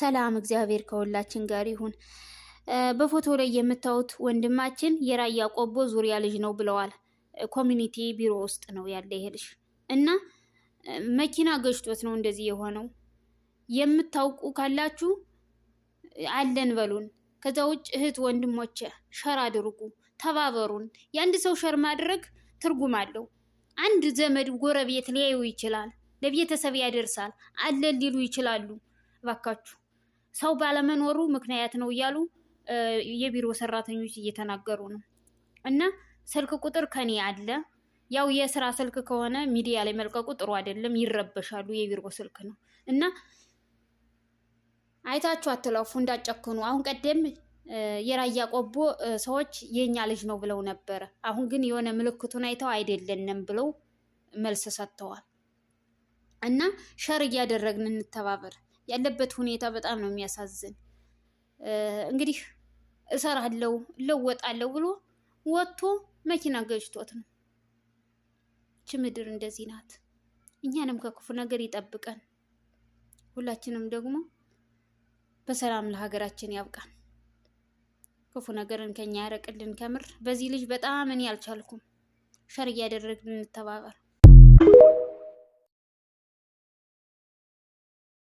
ሰላም እግዚአብሔር ከሁላችን ጋር ይሁን። በፎቶ ላይ የምታዩት ወንድማችን የራያ ቆቦ ዙሪያ ልጅ ነው ብለዋል። ኮሚኒቲ ቢሮ ውስጥ ነው ያለ ይሄ ልጅ እና መኪና ገጭቶት ነው እንደዚህ የሆነው። የምታውቁ ካላችሁ አለን በሉን። ከዛ ውጭ እህት ወንድሞቼ ሸር አድርጉ፣ ተባበሩን። የአንድ ሰው ሸር ማድረግ ትርጉም አለው። አንድ ዘመድ ጎረቤት ሊያዩ ይችላል፣ ለቤተሰብ ያደርሳል፣ አለን ሊሉ ይችላሉ። እባካችሁ ሰው ባለመኖሩ ምክንያት ነው እያሉ የቢሮ ሰራተኞች እየተናገሩ ነው። እና ስልክ ቁጥር ከኔ አለ። ያው የስራ ስልክ ከሆነ ሚዲያ ላይ መልቀቁ ጥሩ አይደለም፣ ይረበሻሉ። የቢሮ ስልክ ነው እና አይታችሁ አትለፉ፣ እንዳጨክኑ። አሁን ቀደም የራያ ቆቦ ሰዎች የኛ ልጅ ነው ብለው ነበረ። አሁን ግን የሆነ ምልክቱን አይተው አይደለንም ብለው መልስ ሰጥተዋል። እና ሸር እያደረግን እንተባበር። ያለበት ሁኔታ በጣም ነው የሚያሳዝን። እንግዲህ እሰራለው እለወጣለሁ ብሎ ወጥቶ መኪና ገጭቶት ነው። ይች ምድር እንደዚህ ናት። እኛንም ከክፉ ነገር ይጠብቀን። ሁላችንም ደግሞ በሰላም ለሀገራችን ያብቃን። ክፉ ነገርን ከኛ ያረቅልን። ከምር በዚህ ልጅ በጣም እኔ አልቻልኩም። ሸር እያደረግን እንተባበር።